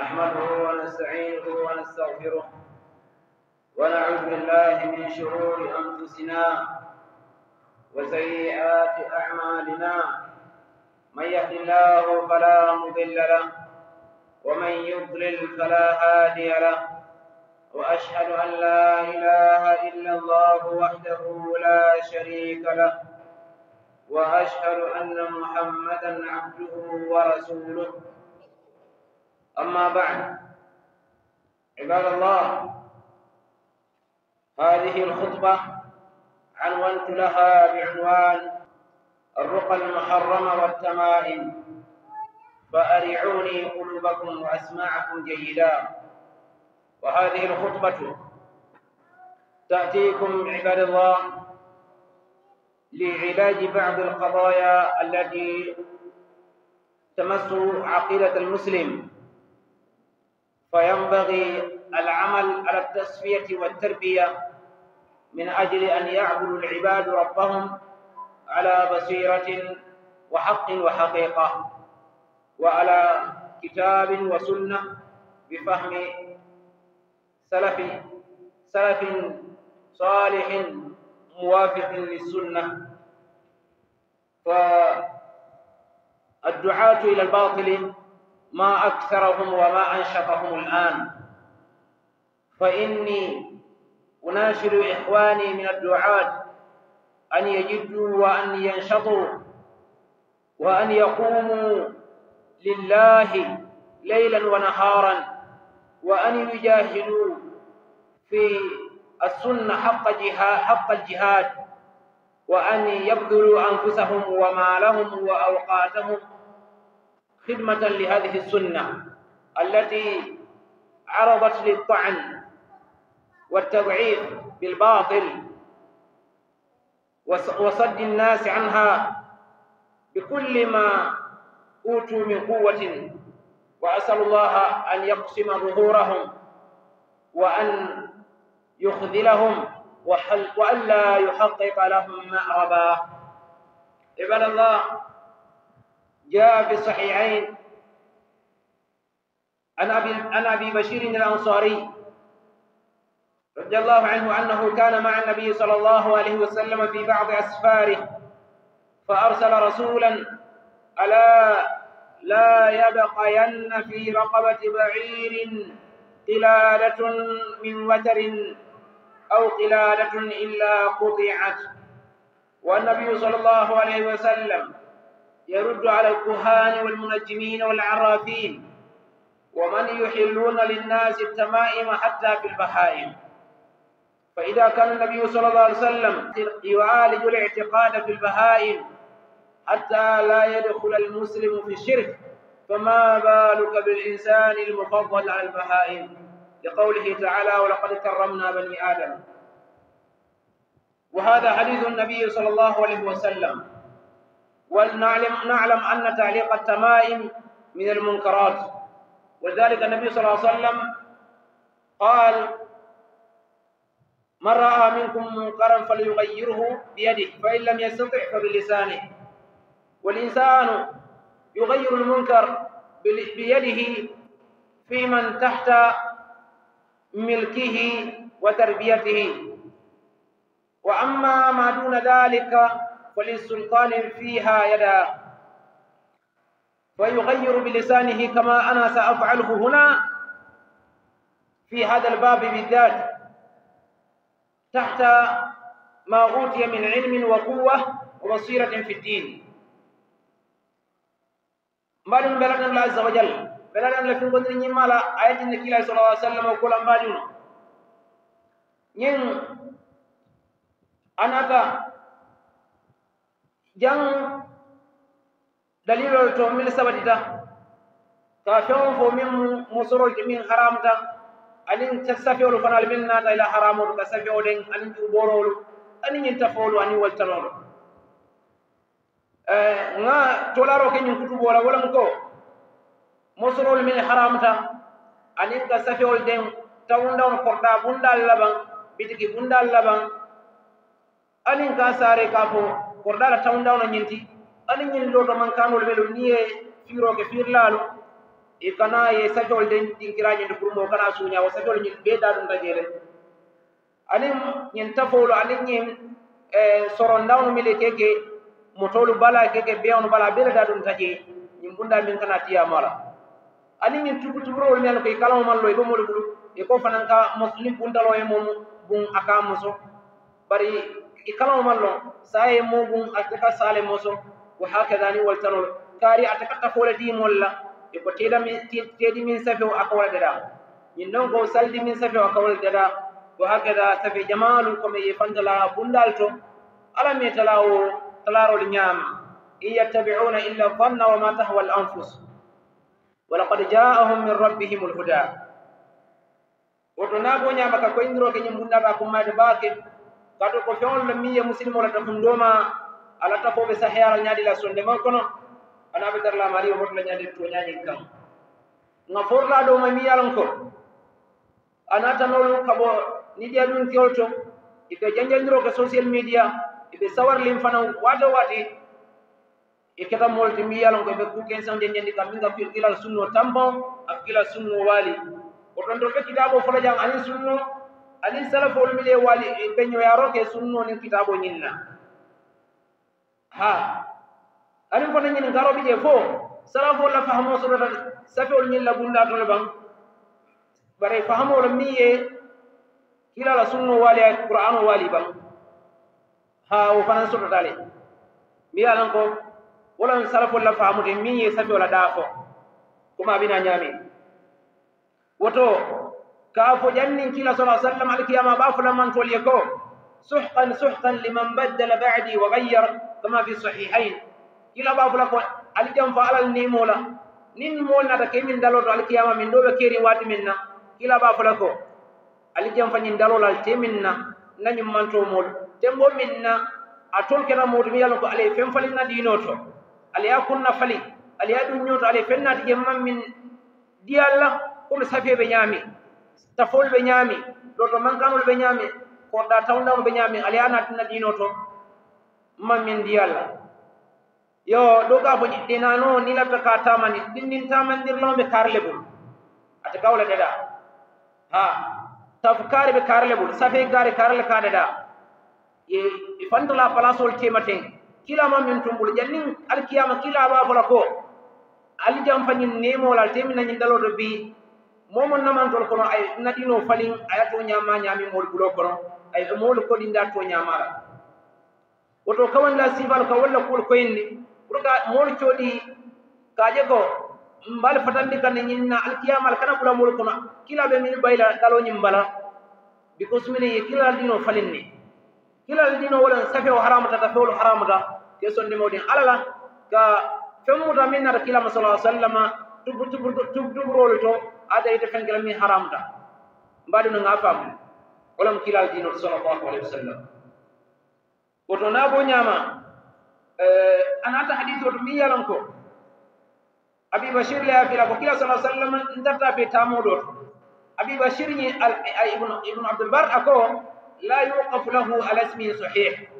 نحمده ونستعينه ونستغفره ونعوذ بالله من شرور أنفسنا وسيئات أعمالنا من يهد الله فلا مضل له ومن يضلل فلا هادي له وأشهد أن لا إله إلا الله وحده لا شريك له وأشهد أن محمدا عبده ورسوله أما بعد عباد الله هذه الخطبة عنونت لها بعنوان الرقى المحرمة والتمائم فأرعوني قلوبكم وأسماعكم جيدا وهذه الخطبة تأتيكم عباد الله لعلاج بعض القضايا التي تمس عقيدة المسلم فينبغي العمل على التصفية والتربية من أجل أن يعبدوا العباد ربهم على بصيرة وحق وحقيقة وعلى كتاب وسنة بفهم سلف سلف صالح موافق للسنة فالدعاة إلى الباطل ما أكثرهم وما أنشطهم الآن فإني أناشد إخواني من الدعاة أن يجدوا وأن ينشطوا وأن يقوموا لله ليلا ونهارا وأن يجاهدوا في السنة حق, جهاد حق الجهاد وأن يبذلوا أنفسهم ومالهم وأوقاتهم خدمة لهذه السنة التي عرضت للطعن والتضعيف بالباطل وصد الناس عنها بكل ما أوتوا من قوة وأسأل الله أن يقسم ظهورهم وأن يخذلهم وأن لا يحقق لهم مأربا عباد الله جاء في الصحيحين عن أبي, عن أبي بشير الأنصاري رضي الله عنه أنه كان مع النبي صلى الله عليه وسلم في بعض أسفاره فأرسل رسولا ألا لا يبقين في رقبة بعير قلادة من وتر أو قلادة إلا قطعت والنبي صلى الله عليه وسلم يرد على الكهان والمنجمين والعرافين ومن يحلون للناس التمائم حتى في البهائم فإذا كان النبي صلى الله عليه وسلم يعالج الاعتقاد في البهائم حتى لا يدخل المسلم في الشرك فما بالك بالإنسان المفضل على البهائم لقوله تعالى ولقد كرمنا بني آدم وهذا حديث النبي صلى الله عليه وسلم ولنعلم نعلم أن تعليق التمائم من المنكرات ولذلك النبي صلى الله عليه وسلم قال من رأى منكم منكرا فليغيره بيده فإن لم يستطع فبلسانه والإنسان يغير المنكر بيده في من تحت ملكه وتربيته وأما ما دون ذلك ولسلطان فيها يدا ويغير بلسانه كما أنا سأفعله هنا في هذا الباب بالذات تحت ما أوتي من علم وقوة وبصيرة في الدين مالون بلغنا الله عز وجل بلغنا في قدر مالا آيات النبي صلى الله عليه وسلم وقول أنباليون ين أنا jan dalilol to min sabatita ka feŋo fo min musorol ti min haramta aniŋ wal fanal min naata ila haramolu ka safewo leŋ aniŋ juuborolu aniŋ ñiŋ tafoolu aniŋ waltanolu ŋa eh, tolaro ke ñiŋ kutu bora wala ko musoro min haramta aniŋ ka den deŋ on korda bundaal laban bitiki bundaal laban aniŋ ka sare ka fo gordala tawndawno ñinti ani ñin loto man kanol welo ni ye firoke firlalu e kana ye sajol den ɗinkirañinde kurmo kana suña wo sajol ñin ɓe daɗum tajelen anin ñin tafowlo anin ñin e, sorondawno mile keke motolu bala keke beyawno bala ɓele daɗum taje ñin bunda min kana tiyamala anin ñin tubu tuburowol miyan koye kalamo mallo e ɓomol ɓulu e ko fanan ka muslim bundalo e mom bun aka muso bari i kalaŋo maŋ loŋ saye moogun ate ka sale moso wo hakada ni waltanolu kaari ate ka tafo le diimolu la i ko teedi miŋ safeo a ka wo le dadaa ñiŋ donko saldi miŋ safeo a ka wo le dadaa wo hakada safe jamaalu komi ye fantala bundaalu to alla mi tala wo talaarolu ñaama in yattabiuna illa vanna wa ma tahwa alanfus walakad jaahum min rabbihim alhuda woto naaboñaama ka koyndiroke ñiŋ bundaaba kummaade baake kato ko feŋol la miya ye musilimo la tafundo ma a la tafo be sahaya la ñaadi la sondema kono ana be dar la mario moto la ñaadi toñañiŋ kaŋ ŋa la do ma miya lon a loŋ ko a naata ka bo nidiya duŋ kewol to i janjal janjandiro ke social media e be sawariliŋ fanaŋ waato waati i keta moolu ti miŋ ye a loŋ ko be ku kenseŋo janjandi kaŋ miŋ ka kila sunno tambo ak kila sunno waali do ke kitaaboo fola jang ani sunno ani salafol mile wali benyo yaro ke sunno ni kitabo nyinna ha ani ko nyin ngaro bi je fo salafo la fahmo so rata safol nyin la bunda to ban bare fahmo la miye kila la sunno wali qur'an wali ban ha o fanan so dale mi alan ko wala salafo la fahmo de miye safol la dafo kuma bina nyami woto كافو جنن كلا صلى الله عليه وسلم على كيما بافل من توليكو سحقا سحقا لمن بدل بعدي وغير كما في الصحيحين كلا بافل بافلا كو الجنف فعل النيمولا نين مولنا تكي من دلو على كيما من دوبة كيري وات منا كلا بافل بافلا كو الجنف نين دلو لالتي منا نن من تومول تمو منا أتول كنا مودمي يالنكو علي فلنا دينوتو علي أكونا فلي علي أدنيوتو علي فنات جمع من ديالا كم سفيه بنيامي tafol ɓe ñaami ɗoto mankanol ɓe ñaami korɗa tawdamo ɓe ñaami ala yanatina ɗino toon mammin ndi allah yo ɗo ga fo ƴiɗɗinano nilata ka tamani ɗinɗin tamandirlawɓe karle bol ata gawla ɗeɗa ha tafo kaare ɓe karle bol safe gare karle ka ɗeɗa e fantala palacewol temateng kila mammin tumbol ƴannin alkiyama kila ɓa fola ko alijan fañin nemolal teminañin ɗalo to bi momon namantol kono ay nadino falin aya to ñama ñami mool bulo kono ay e mool koɗinda to ñamara woto kawanla sifal ka walla kuol koyenndi pour ka mool cooɗi kaƴe ko mbal fatandi kane ñinna alkiyamal kana ɓula mool kono kilaɓe min bayla ɗaloñin mbala because mine ye kilal ɗino falin ni kilal ɗino walan safe o haramata ta fewol haramata ke sondimoɗin alala ka femmuta min nata kilama sala sallama tubtubrol to ada ite fen kala mi haramta mbadu nga fam wala mkilal dino sallallahu alaihi wasallam woto na bo nyama eh anata hadith woto mi yalan ko abi bashir la fi la ko kila sallallahu alaihi wasallam ndata fe tamodo abi bashir ni ibn ibn abd albar ako la yuqaf lahu ala ismi sahih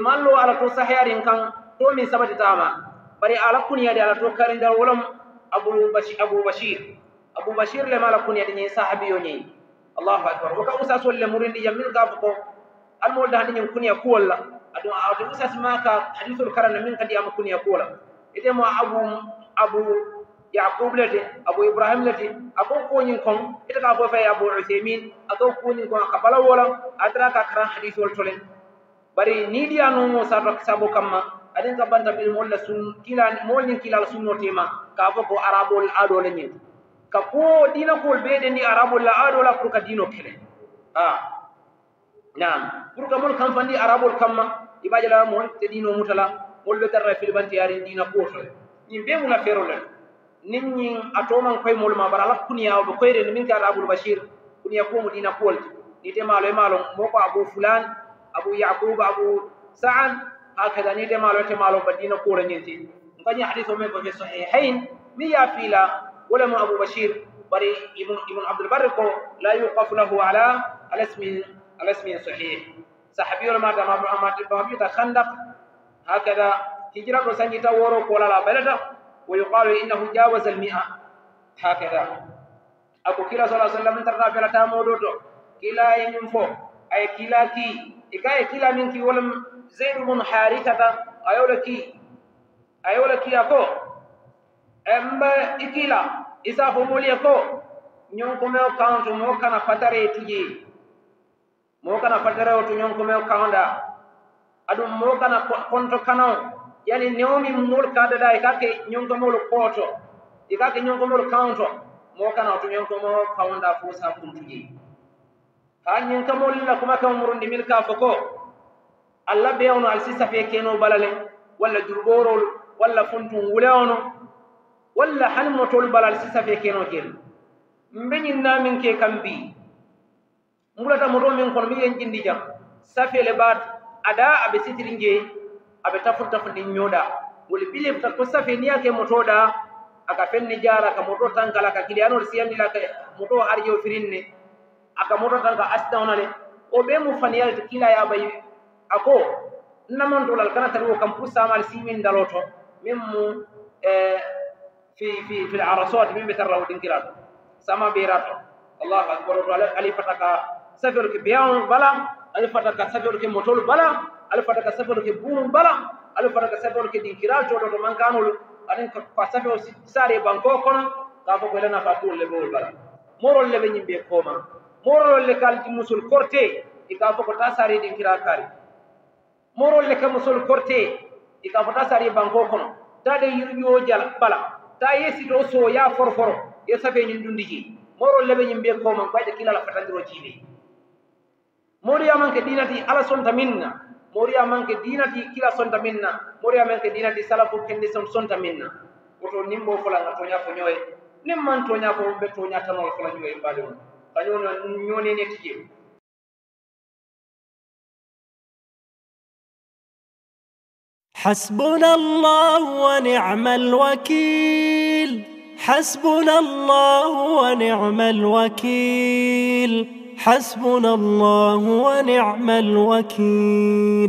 iman lo ala to sahiyarin kan to min sabati tama bari ala kunya da ala to karin da walam abu bashir abu bashir أبو بشير لما mala kunya dinyi sahabi yo nyi allahu akbar waka usa so le murindi yam min gaf ko al mo da dinyi kunya ko walla adu adu usa sma ka hadithul karana min kadi am أبو ko لدي أبو mo abu abu yaqub lati abu ibrahim lati ako ko nyin kon ite ka fo fe abu usaymin ako bari ni dia no mo sa sabo kamma adin ka bil mo sun kila mo nyin kila tema ka boko ko arabol ka ko dina kol be den di arabol la ado la pour dino kele ah nam pour ka mol kam fandi arabol kamma ibaje la mol te dino mutala mol be tarra fil banti yari dina ko to nim be mula fero la nim nyin atoma koy mol ma bara la kuniya o koy re min ka arabul bashir kuniya ko mo dina kol ni te malo malo moko abu fulan abu yaqub abu sa'an hakada ni te malo te malo badina ko re nyenti ngani hadithu me ko sahihain mi ya fila ولما أبو بشير بري ابن ابن عبد البر كو لا يوقف له على على اسم على اسم صحيح صحابي ولا ما ابو احمد بن ابي خندق هكذا هجرة سنجتا ورو كولا لا بلدا ويقال إنه جاوز المئة هكذا ابو كلا صلى الله عليه وسلم ترى في لا التامو دوتو كلا ينفو أي كيلا كي إكاي كلا منك ولم زيد بن حارثة ايولكي ايولكي أكو embe ikila isa fumulie ko ñonkumeo kawntu mo kana fatare tuji mo kana fatareo tu ñonkumeo kawnda aɗum mo kana konto kanaw yani ka mol kadada e kake ñonkomol kooto e kake ñonkomol kawnto mo kana to ñonkomo kawnda fo sa kuntuji ha ñinkamol la kuma kan murundi min ka fo ko allah bewno alsi safe keno balale walla jurɓorol walla funtun wulewono walla hani motolu balal sisa fe keno kel mbe ñinna min ke kam bi mbulata moto min kono mi yen jindi jam safele baat ada aɓe sitirin je aɓe tafun tafundin ñoɗa wole bilefta ko safe niya ke motoɗa aka fenni jara ka moto tankala ka kiliyanol siyandila ka moto harjeo firinne aka moto tanka asidawnale o ɓe mu faniyalti kila yaɓay ako namantolal kana tari o kam pour samal simin daloto min mu eh, في في في العرسات من بتروا دينكلات سما بيرات الله اكبر الله علي فتاكا سفر كبيان بلا علي فتاكا سفر كموتول بلا علي فتاكا سفر كبوم بلا علي فتاكا سفر كدينكلات جودو من كانوا أن كسفر ساري بانكو كنا كافو كلنا فاتول لبول بلا مورل لبنين بيكوما مورل لكالتي مسل كورتي إكافو كتا ساري دينكلات كاري morol le ke musol korte i ka fota sari banko kono tade yirñoo jala bala ta yesito so ya forforo ye safeñin dundiji morol leɓe ñin mbiyen koman ko kila la fatandiro jiine moriya ke dinati ala sonta minna moriya ke dinati kila sonta minna moriya ke dinati salafu kende sonta minna woto nimbo folanga nya fo ñoye nin man toña fo to nya tanol fola ñoye mbaɗi on kañono ne tijeɓe حسبنا الله ونعم الوكيل حسبنا الله ونعم الوكيل حسبنا الله ونعم الوكيل